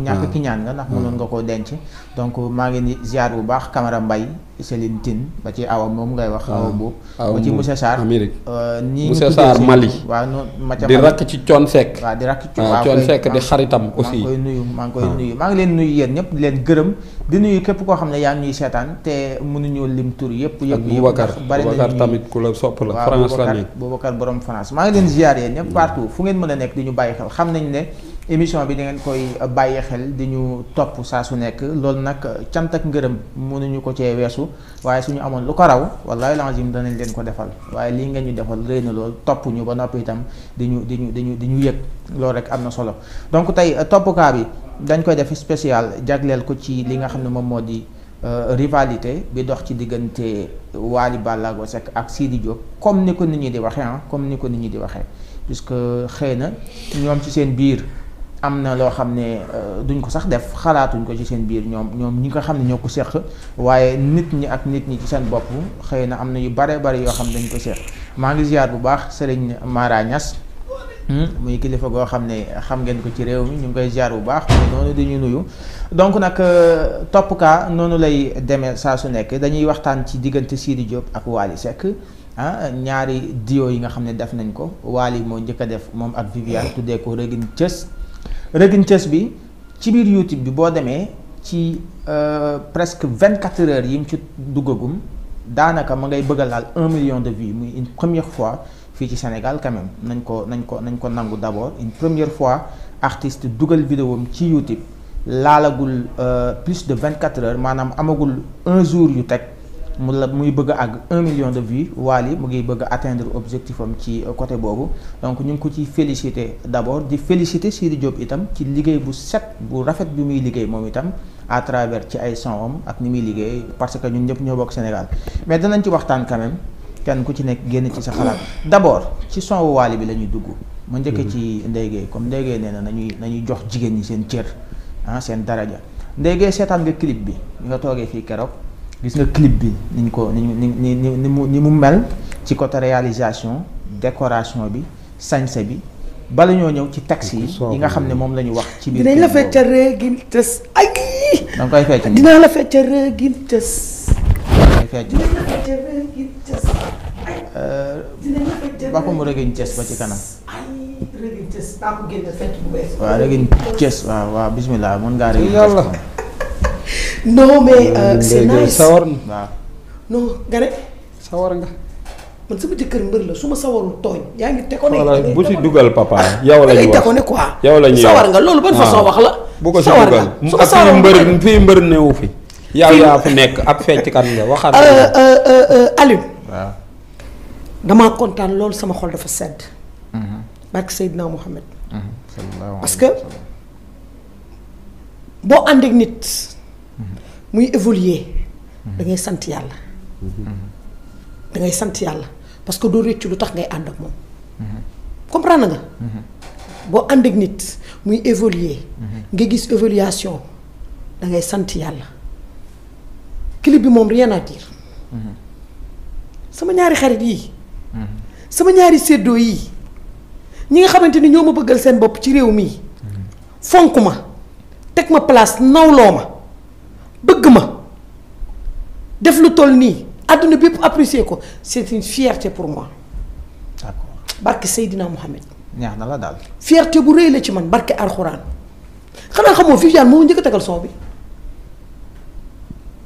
ku ñàkk ah. ki ñaan nga ndax mënoon nga koo denc donc maa ngi ni ziar bu baax Camara Mbaye Céline Tine ba ci awa moom ngay wax awa ah. boobu ba ci monsieur Sarr Amérique ñi euh, monsieur Sarr Mali waaw noonu di rakk ci coon sekk waaw di rakk ci coon ah, sekk di xaritam aussi maa ngi koy nuyu maa ngi koy nuyu maa ngi leen nuyu yéen ñëpp di leen gërëm di nuyu képp koo xam ne yaa ngi seetaan te mënuñoo lim tur yëpp yëpp Boubacar Boubacar tamit ku la sopp la France la Boubacar borom France maa ngi leen ziar yéen ñëpp mm. partout fu ngeen mën a nekk di ñu bàyyi xel xam nañ ne émission bi di ngeen koy bàyyi xel di ñu topp saa su nekk loolu nag cant ak ngërëm mënuñu ko cee weesu waaye suñu amoon lu ko raw wallaahi lazim danañ leen ko defal waaye lii ngeen ñu defal rëy na lool topp ñu ba noppi itam di ñu di ñu di ñu di ñu yëg loolu rek am na solo donc tey euh, toppukaa bi dañ koy def spécial jagleel ko ci li nga xam ne moom moo di euh, rivalité bi dox ci diggante Wally Ballago Seck ak Sidi Diop comme ni ko nit ñi di waxee ah comme ni ko nit ñi di waxee puisque xëy na ñoom ci seen biir. am na loo xam ne euh, duñ ko sax def xalaatuñ ko ci seen biir ñoom ñoom ñi nga xam ne ñoo ko seq waaye nit ñi ak nit ñi ci seen bopp xëy na am na yu bare bari yoo xam ne dañ ko seq maa ngi ziar bu baax Serigne Mara Niass hmm, muy kilifa goo xam ne xam ngeen ko ci réew mi ñu ngi koy ziar bu baax noonu di ñu nuyu donc nag euh, topp kaa noonu lay demee saa su nekk dañuy waxtaan ci diggante siiri Diop ak Wally sekk ah ñaari dio yi nga xam ne def nañ ko Wally moo njëkk def moom ak Viviane tuddee ko Regine Thiès Regin Thiès bi ci biir YouTube bi boo demee ci euh, presque vingt quatre heures yi mu ci duggagum daanaka ma ngay bëgg laal un million de vues mu une première fois fii ci Sénégal quand même nañ ko nañ ko nañ ko nangu d'abord une première fois artiste dugal vidéom ci YouTube laalagul euh, plus de vingt quatre heures maanaam amagul un jour yu teg. mu la muy bëgg a àgg un million de vues Wally mu ngi bëgg a atteindre objectif am ci euh, côté boobu donc ñu ngi ko ci féliciter d'abord di féliciter Sidi Diop itam ci liggéey bu set bu rafet bi muy liggéey moom itam à travers ci ay sonwam ak ni muy liggéey parce que ñun ñëpp ñoo bokk Sénégal mais danañ ci waxtaan quand kenn ku ci nekk génn ci sa xalaat d'abord ci sonwu Wally bi la ñuy dugg ma njëkk mhm. ci ndéygéey comme ndéygéey nee na nañuy nañuy jox jigéen ñi seen cër ah seen daraja ndéygéey seetaan nga clip bi ñu nga toogee fii keroog gis nga clip bi niñ ko ni ni ni mu ni mu mel ci côté réalisation décoration bi sañse bi bala ñoo ñëw ci taxi yi. yi nga xam ne moom la ñu wax. ci biir dinañ la fecc réegin tës ay. dinaa la fecc réegin tës. da fecc dinañ la fecc réegin tës ay. Euh, mu réegin tës ba ci kanam. ay réegin tës. daa ko bismillah mën ngaa réegin tës. non mais euh, euh c'est nice sawar nga man sama jëkkër mbër la su ma sawarul tooñ. yaa ngi teg ko ne bu ci yow la ñuy wax sawar nga loolu ban ah. façon wax la. bu ko ci dugal su ma sawar nga mbër mbër newu fi. yow yaa fi nekk ab fecckat nga waxaat. Euh, euh, Aliou. waaw. damaa kontaan lool sama xol dafa sedd. Mhm. barke Seydina Mohamed. Mhm. parce que boo ànd ak nit. muy évoluer da ngay sant yàlla. da ngay sant yàlla parce que doo réccu lu tax ngay ànd ak moom. comprendre nga. boo ànd ak nit muy évoluer. nga gis évaluation da ngay sant yàlla. clip bi moom rien à sama ñaari xarit yii. sama ñaari séddoo yii ñi nga xamante ni ñoo ma bëggal seen bopp ci réew mii. fonk ma teg ma place nawloo ma. bëgg ma def lu toll nii àdduna bépp apprécier ko c'est une fierté pour moi. d'accord barke Seydina Mohamed. ñaax na la daal. fierté bu rëy la ci man barke alxuraan xanaa xamoo Viviane moo njëkk tegal son bi.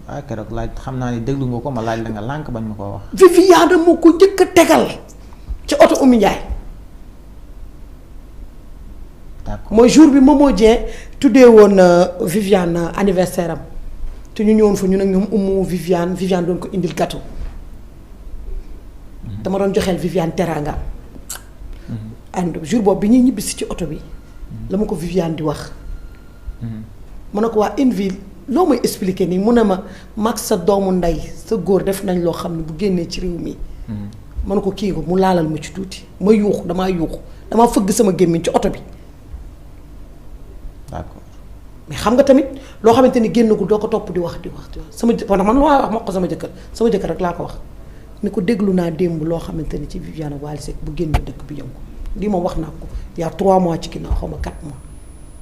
waaw ah, keroog xam naa ne déglu nga ko ma laaj la nga lànk bañ ma koo wax. Viviane moo ko njëkk tegal ci oto Oumy Ndiaye. d'accord mooy jour bi moo Dieng tuddee woon euh, Viviane euh, anniversaire am. te ñu ñëwoon fa ñu ne ñoom Oumou Viviane Viviane doon ko indil gâteau mhm. dama doon joxeel Viviane teraanga ànd mhm. jour boobu bi ñuy ñibbisi ci oto bi mhm. la ma ko Viviane di wax mën ne ko waa une ville loo may expliquer nii mu ne ma mag sa doomu ndey sa góor def nañ loo xam ne bu génnee ci réew mi mën ne ko kii ko mu laalal ma ci tuuti ma yuux damaa yuux damaa fëgg sama gémmiñ ci oto bi mais xam nga tamit loo xamante ni génn génnagul doo ko topp di wax di wax sama ndax man lu ma wax ma ko sama jëkkër sama jëkkër rek laa ko wax ni ko déglu naa démb loo xamante ni ci Viviane Wally Seck bu génn dëkk bi yëngu lii moom wax naa ko y'a trois mois ci ginnaaw xaw ma quatre mois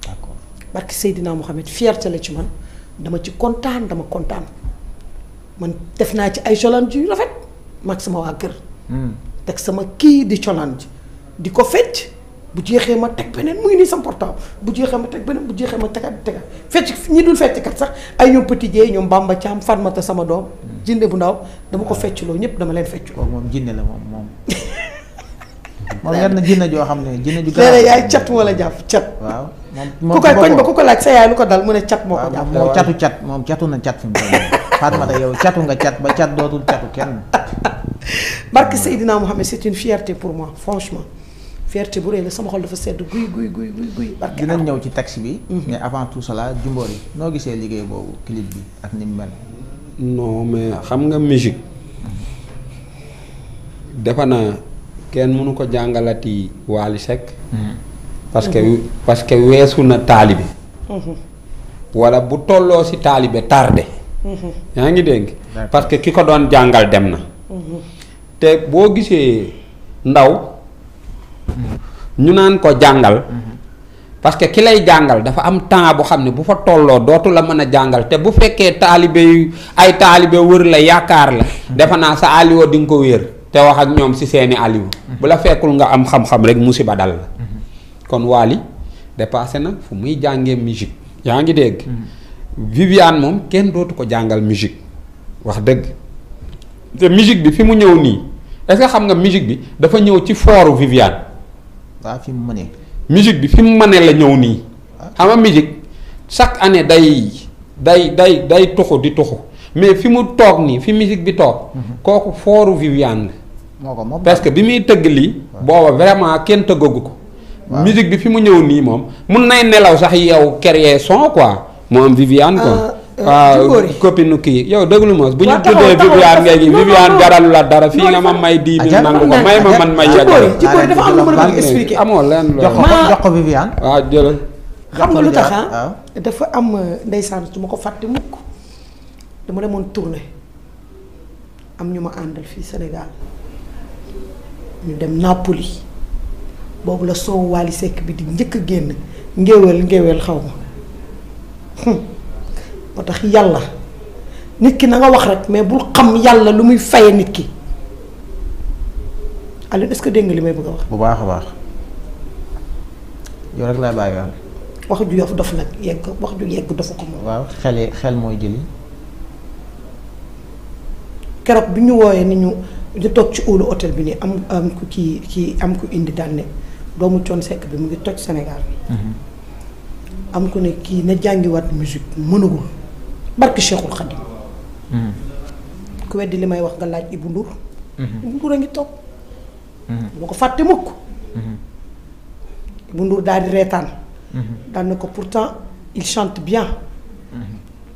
d'accord barki Seydina Mohamed fierté la ci man dama ci kontaan dama kontaan man def naa ci ay challenge yu rafet mag sama waa kër hmm. teg sama kii di challenge di ko fecc bu jeexee ma teg beneen muy nii sam portable bu jeexee ma teg beneen bu jeexee ma tegaat tegaat fecc ñi dul fecc kat sax ay ñoom Petit Dieye ñoom Bamba Thiam Fatmata sama doom jinne bu ndaw dama ko ah. fecculoo ñëpp dama leen feccu kooku moom jinne la moom moom moom yar na jinne joo xam ne jinne ju léeg-léeg yaay cat moo la jàpp cat waaw moom ba ku ko laaj sa yaay ko dal mu ne cat moo ko jàpp moom catu cat moom catu na cat fi mu Fatmata yow catu nga cat ba cat dootul catu kenn moo xam ne c'est une fierté pour moi franchement fierté bu rëy la sama xol dafa sedd guy guy guy guy barke dinañ ñëw ci taxi bi. Mhm. mais avant gisee liggéey boobu clip ak ni mu mel. xam nga musique defe kenn mënu ko jàngalati Wally Seck. Mhm. parce que parce que weesu na taalibe. Mhm. wala bu tolloo si taalibe tardé. yaa ngi dégg parce que ki ko doon jàngal dem na. te boo gisee ndaw. ñu naan ko jàngal parce que ki lay jàngal dafa am temps bu xam ne bu fa tolloo dootu la mën a jàngal te bu fekkee taalibe ay taalibe wër la yaakaar la defe naa sa aliwo di nga ko wéer te wax ak ñoom si seeni aliwo bu la fekkul nga am xam-xam rek musiba dal la kon Wally dépassé na fu muy jàngee musique yaa ngi dégg Viviane moom kenn dootu ko jàngal musique wax dëgg te musique bi fi mu ñëw nii est xam nga musique bi dafa ñëw ci fooru Viviane waaw fi mu mënee. musique bi fi mu mënee la ñëw nii. Ah. xam nga musique chaque année day day day day tuxu di tuxu mais fi mu toog nii fi musique bi toog. Mhm. kooku fooru Viviane moo ko moom parce bi muy tëgg lii. booba vraiment kenn tëggagu ko. musique bi fi mu ñëw nii moom mun nay nelaw sax yow créer son quoi moom Viviane quoi. Euh, waaw euh, ah, copine kii yow déglu ma bu ñu tuddee Viviane ngay gi Viviane la dara fii nga ma may dix nangu ko may ma man lu ma la bëgg expliquer amoo leen loolu jox ko jox ko Viviane waaw ah, jëlal xam nga lu tax ah? dafa am euh, ndeysaan su ma ko fàtte mukk dama demoon tournée am ñu ma àndal fii Sénégal ñu dem Napoli boobu la soow Wally Seck bi di njëkk a génn ngéwél ngéwél xaw ma moo tax yàlla nit ki nanga wax rek mais bul xam yàlla lu muy faye nit ki Aliou est-ce que dégg nga li may bëgg a wax. bu baax a baax yow rek laa bàyyi wax ju yof dof nag yegg wax ju yegg dofu ko moom. waaw xel xel mooy jëli. keroog bi ñu wooyee ni ñu di toog ci óolu hôtel bi nii am am ku kii kii am ku indi daan doomu coon sekk bi mu ngi toj Sénégal. Mhm. am ko ne kii na jàngiwaat musique mënagul. barki Cheikhul Khadim. Hmm. ku weddi li may wax nga laaj Ibou Ndour. Hmm. a ngi toog. boo hmm. ko fàtte mukk. Ibou Ndour di reetaan. daan na ko pourtant il chante bien.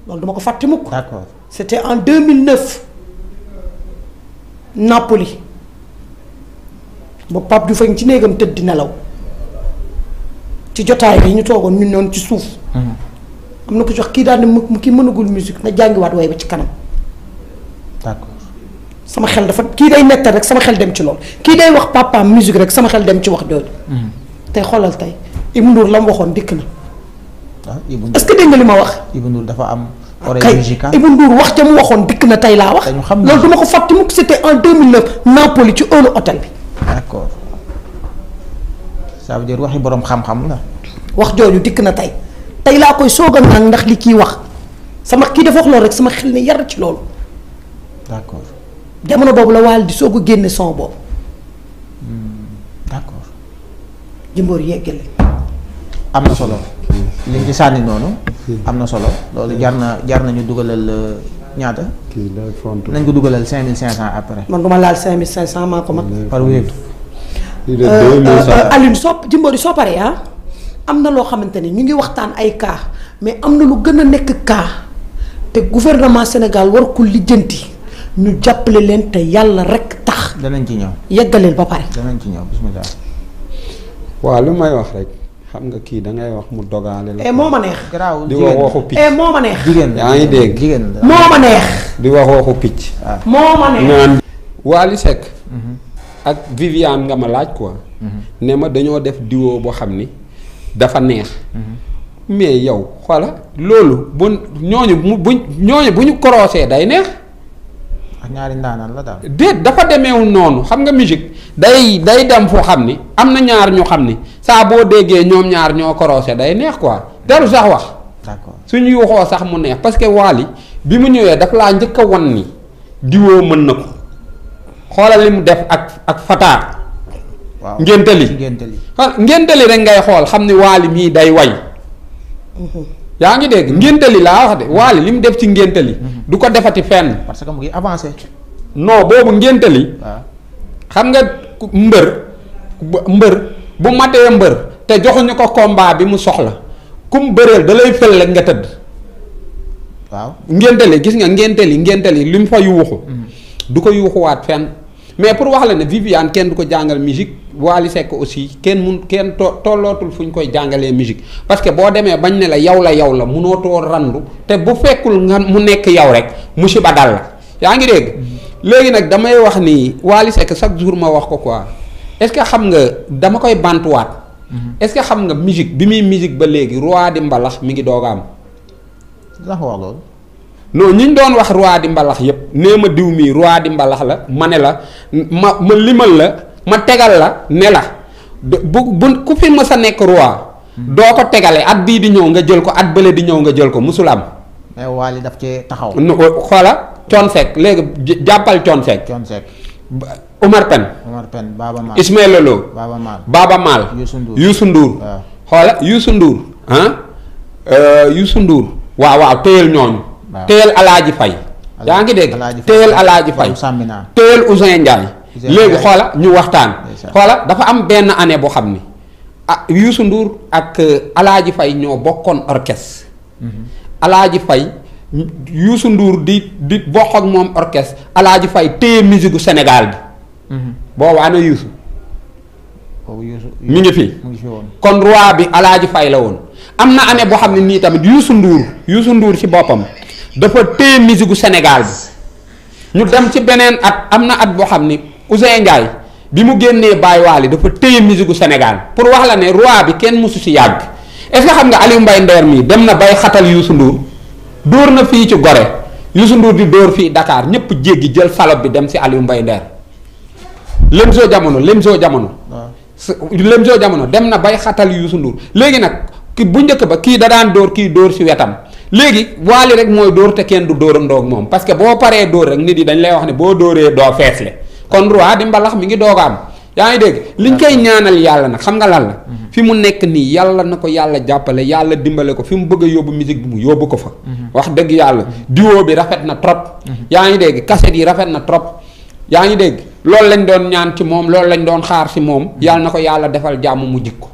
loolu duma ko fàtte mukk. d'accord c'était en 2009 Napoli ba Pape Diouf a ngi ci néegam tëdd di nelaw ci jotaay bi ñu toogoon ñu noonu ci suuf. am na ko jox kii daal ne mu kii mënagul musique na jàngiwaat waaye ba ci kanam. sama xel dafa kii day nettal rek sama xel dem ci loolu kii day wax papa musique rek sama xel dem ci wax jooju. Hmm. tey xoolal tey Ibou Ndour la mu waxoon dikk na. Ah, est-ce que dégg nga li ma wax. Ibou dafa am. Ah, oreille musicale Ibou Ndour wax ca mu waxoon dikk na tey laa wax. loolu du ma ko fàtte mukk c'était en 2009 Napoli ci ëllu hôtel bi. d'accord ça veut dire waxi borom xam-xam la. wax jooju dikk na tey. tey laa koy soog a ndax li kii wax sama kii dafa wax rek sama xel ne yar ci loolu. d'accord jamono boobu la waal di soo a génne son boobu. Hmm, d'accord. jëmboor yeggale. am na solo. li nga ci sànni am na solo loolu jar na jar nañu dugalal euh, ñaata. kii nañ ko dugalal cinq mille cinq cent après. man du ma laal cinq mille cinq cent maa ko mag. par wéetu. Euh, euh, Alioune soo paree ah. am na loo xamante ni ñu ngi waxtaan ay kaa mais am na lu gën a nekk kaa te gouvernement Sénégal war ko lijjanti ñu jàppale leen te yàlla rek tax. danañ ci ñëw yeggaleel ba pare. danañ ci ñëw bismillah. waaw lu may wax rek. xam nga kii da ngay wax mu dogaale la. moo ma neex. di wax waxu picc ah. moo ma neex. jigéen yaa ngi dégg jigéen la ma neex. di wax picc. moo mhm. ma ak Viviane nga ma laaj quoi. Mhm. ne ma dañoo def duo boo xam ni. dafa neex. Mm-hmm. mais yow xoola loolu bu ñooñu mu bu ñooñu bu ñu korosee day neex. ak ah, ñaari ndaanaan la daal. dafa demeewul noonu xam nga musique day day dem foo xam ni am na ñaar ñu xam ni saa boo déggee ñoom ñaar ñoo korosee day neex quoi teru sax wax. su ñu yuuxoo sax mu neex parce que Wally bi mu ñëwee daf laa njëkk a wan ni diwoo mën na ko xoolal li mu def ak ak Fata. waaw ngénte li ngénte li ah, rek ngay xool xam ni waali mii day way mhm. yaa ngi dégg ngénte li laa wax de mhm. waali li mu def ci ngénte li mhm. du ko defati fenn parce que mu ngi avancé non boobu ngénte li xam nga mbër mbër bu matee mbër te joxuñu ko combat bi mu soxla kum bëreel da lay fël rek nga tëdd ngénte li gis nga ngénte li ngénte li li mu fa yuuxu du ko yuuxuwaat fenn mais pour wax la ne Viviane kenn du ko jàngal musique Wally Seck aussi kenn mun kenn to tollootul fu ñu koy jàngalee musique parce que boo demee bañ ne la yow la yow la munootoo randu te bu fekkul nga mu nekk yow rek musiba dal la yaa ngi dégg. Mm-hmm. léegi nag damay wax ni Wally Seck chaque jour ma wax ko quoi est-ce que xam nga dama koy bantuwaat. Mm-hmm. est-ce que xam nga musique bi muy musique ba léegi roi di mbalax mi ngi doog a am. ndax loolu. non ñu doon wax roi di mbalax yépp nee ma diw mii roi di mbalax la ma ne la ma ma limal la. ma tegal la ne la bu bu ku fi mës a nekk roi. doo ko tegale at bii di ñëw nga jël ko at bële di ñëw nga jël ko musul am. mais Wally taxaw. xoola Thione Seck léegi jàppal Thione Seck. Thione Seck. Omar Pène. Omar Pène Baaba Maal Ismaël Lô. Baaba Maal Baaba Maal. Youssou Ndour Youssou Ndour. waaw xoola Youssou Ndour ah euh, Youssou Ndour. waaw waaw téyel ñooñu. waaw téyel Alaaji Fay. yaa ngi dégg Alaaji Fay téyel Ousin Ndiaye. léegi xoola ñu waxtaan xoola dafa am benn année boo xam ni a ah, yuusu nduur ak euh, Alaaji Fay ñoo bokkoon orchestre mhm. Alaaji Fay Youssou nduur di di bokk ak moom orchestre Alaaji Fay te musique gu Sénégal bi mhm. boobu ana Youssou mi ngi fi kon roi bi Alaaji Fay la woon am na année boo xam ne nii tamit yuusu Ndour Youssou nduur ci boppam dafa téye musique gu Sénégal bi ñu dem ci beneen at am na at boo xam ni Ousseyn Ndiaye bi mu génnee Baye Waly dafa téye musique gu pour wax la ne roi bi kenn mosu si yàgg est ce xam nga Aliou Mbaye Nder mii dem na bay xatal Youssou Ndour dóor na fii ci Gorée Youssou Ndour di dóor fii dakaar ñëpp jéggi jël salop bi dem si mbay ndeer Nder soo jamono soo jamono. soo jamono dem na bay xatal Youssou Ndour léegi nag ki bu njëkk ba kii da daan dóor kii dóor si wetam. léegi waali rek mooy dóor te kenn du dóorandoo ak moom parce que boo paree dóor rek nit yi dañ lay wax ne boo dóoree doo feesle kon roi di mbalax mi ngi doog yaa ngi dégg liñ koy ñaanal yàlla nag xam nga lan la mhm. fi mu nekk nii yàlla na ko yàlla jàppale yàlla dimbale ko fi mu bëgg yóbbu musique bi mu yóbbu ko fa mhm. wax dëgg yàlla mhm. duo bi rafet na trop yaa ngi dégg cassette yi rafet na trop yaa ngi dégg loolu lañ doon ñaan ci moom loolu lañ doon xaar ci moom yàlla na ko yàlla defal jàmm mu ko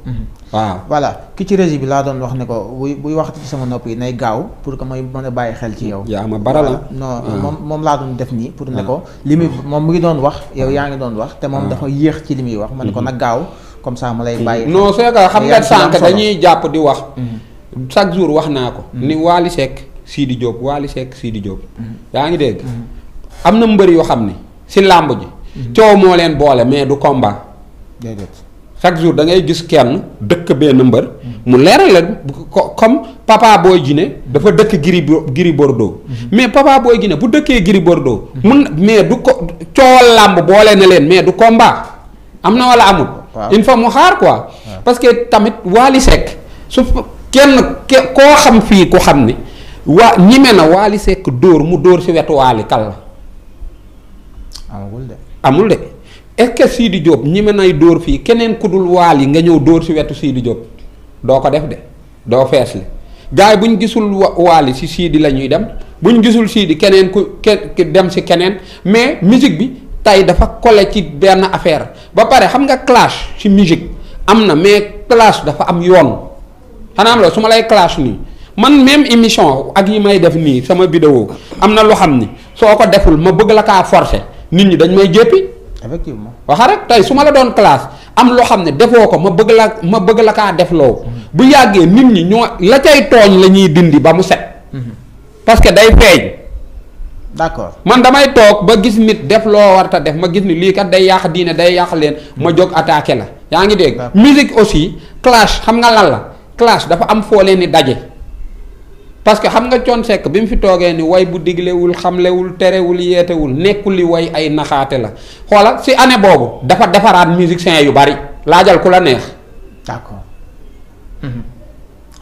waaw voilà ki ci régie bi laa doon wax ne ko buy buy waxtu ci sama nopp yi nay gaaw pour que may mën a bàyyi xel ci yow. yaa ma baral ah. non ah. moom moom laa doon def nii. pour ne ah. ko li muy moom mu ngi doon wax yow yaa ngi doon wax. te moom dafa yéex ci li muy wax. ma ne ko mm-hmm. nag gaaw comme ça ma lay mm-hmm. bàyyi. non see que xam nga sànq dañuy jàpp di wax. Mm-hmm. chaque jour wax naa ko. ni Wally Seck Sidi Diop Wally Seck di Diop. yaa ngi dégg. am na mbër yoo xam ne si làmb ji. coow moo leen boole mais du combat. chaque jour da ngay gis kenn dëkk benn mbër mu leeral la comme Papa Boy Djiné dafa dëkk Gris Gris doo mhm. mais Papa Boy Djiné bu dëkkee Gris Bordeaux mhm. mun mais du ko coowal làmb boole na leen mais du ko combat am na wala amul il faut mu xaar quoi parce que tamit Wally Seck su kenn koo xam fii ku xam ni waa ñime na Wally Seck dóor mu dóor si wetu Wally kal la amul de est-ce que Sidi ñi mën nay dóor fii keneen ku dul waal yi nga ñëw dóor si wetu Sidi Diop doo ko def de doo fees li gars yi bu ñu gisul waal yi si Sidi la ñuy dem bu ñu gisul Sidi keneen ku ke dem si keneen mais musique bi tey dafa kole ci benn affaire ba pare xam nga clash ci musique am na mais clash dafa am yoon xanaa am la su ma lay clash nii man même émission ak yi may def nii sama vidéo am na lu xam ni soo ko deful ma bëgg la kaa nit ñi dañ may jéppi effectivement waxa rek tey su ma la doon classe am loo xam ne defoo ko ma bëgg la ma bëgg la kaa def loo mhm. bu yàggee nit ñi ñoo la cay tooñ la ñuy dindi ba mu set. Mhm. parce que day feeñ. d'accord man damay toog ba gis nit def loo warta def ma gis ni lii kat day yàq diine day yàq leen ma mhm. jóg attaqué la yaa ngi dégg. musique aussi clash xam nga lan la clash dafa am foo leen di daje. parce que xam nga coon sekk bi mu fi toogee ni woy bu diglewul xamlewul terewul yeetewul nekkul li woy ay naxaate la xoola si année boobu dafa defaraat musiciens yu bari laajal ku la neex. d'accord. Mhm.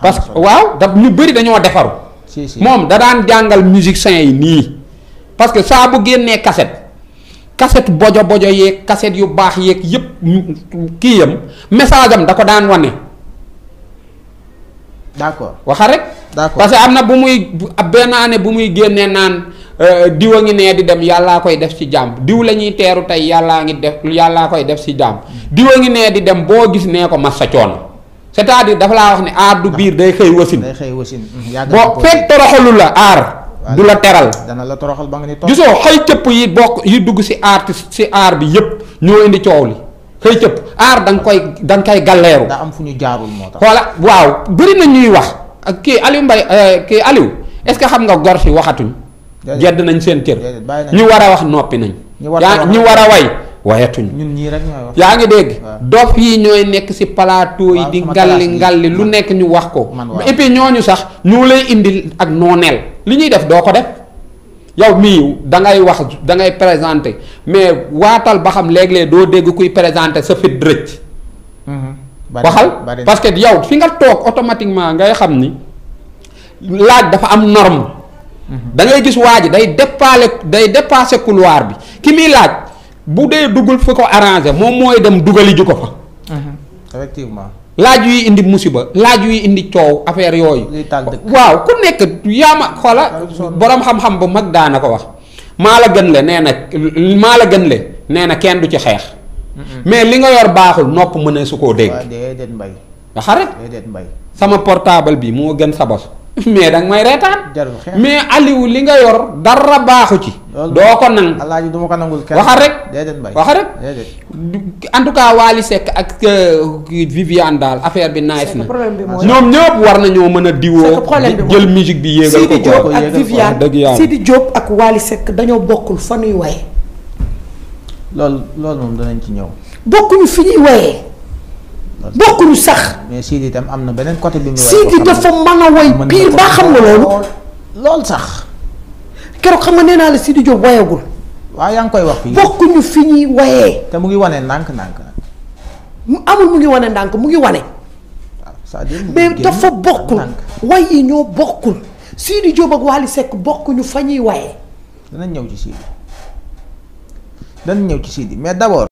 parce que waaw da ñu bëri dañoo defaru. si moom da daan jàngal musiciens yi nii parce que saa bu génnee kaset cassette bojo bojo yeeg cassette yu baax yeeg yépp kii yam message am da ko daan wane. d'accord waxa rek. d'accord parce que am na bu muy ab benn année bu muy génnee naan euh, diw a ngi nee di dem yàllaa koy def ci jàmm diw la ñuy teeru tey yàllaa ngi def yàllaa koy def ci jàmm hmm. diw a ngi nee di dem boo gis nee ko mas sa coono cest à dafa laa wax ne aar du biir day xëy wasin hmm, boo fekk toroxalu la aar du la teral dana la toroxal ba nga ni gisoo xëy cëpp yi bokk yi dugg ci artiste ci aar bi yépp ñoo indi coow li xëy cëpp aar danga koy da nga koy galleeru daa am fu ñu jaarul moo waaw bëri na ñuy wax ak kii Aliou Mbaye euh, kii Aliou est-ce que xam nga gor si waxatuñ. jedd nañ seen cër. ñu war a wax noppi nañ. ñu war a ñu war a way wayatuñ. ñun ñii rek yaa ngi dégg. dof yi ñooy nekk si plateau yi. di ngalli ngalli lu nekk ñu wax ko. et puis ñooñu sax ñu lay indil ak nooneel li ñuy def doo ko def. yow mii dangay wax da ngay présenter mais waatal ba xam léeg-léeg doo dégg kuy présenter sa fit rëcc. Mm-hmm. waxal parce que yow fi nga toog automatiquement ngay xam ni laaj dafa am norme. Mhm. dangay gis waa ji day dépaale day dépassé couloir bi ki muy laaj bu dee duggul fu ko arrangé moom mooy dem dugali ju ko fa. Mhm. effectivement. laaj yuy indi musiba laaj yuy indi coow affaire yooyu. waaw ku nekk yaa ma xoola borom xam-xam bu mag daana ko wax maa la gën le nee na maa la gën le nee na kenn du ci xeex. mais li nga yor baaxul nopp mën ne su koo dégg. waaw déedéet sama portable bi moo gën sa mais danga may reetaan. mais Aliou li nga yor dara baaxu ci. doo ko nang. alaaji du ma ko nangul kenn waxal rek. déedéet mbay waxal en tout cas Wally Seck ak euh, Viviane daal affaire bi nice na. ñoom ñëpp war nañoo mën a diwoo. jël musique bi yéegal ko. Sidi Diop ak Viviane Sidi Diop ak Wally Seck dañoo bokkul fa nuy waye loolu loolu moom danañ ci ñëw. bokkuñu fi ñuy woyee. bokkuñu sax. mais Sidi itam am na beneen côté bi. Sidi dafa mën a woy pire ba xam nga loolu. loolu sax. keroog xam nga nee naa la Sidi Diop woyagul. waaw yaa ngi koy wax fii. bokkuñu fi ñuy woyee. te mu ngi wane ndànk-ndànk. mu amul mu ngi wane ndànk mu ngi wane. mais dafa bokkul. way yi ñoo bokkul. Sidi Diop ak Wally Seck bokkuñu fa ñuy woyee. danañ ñëw ci Sidi. dañ ñëw ci Sidi mais d'abord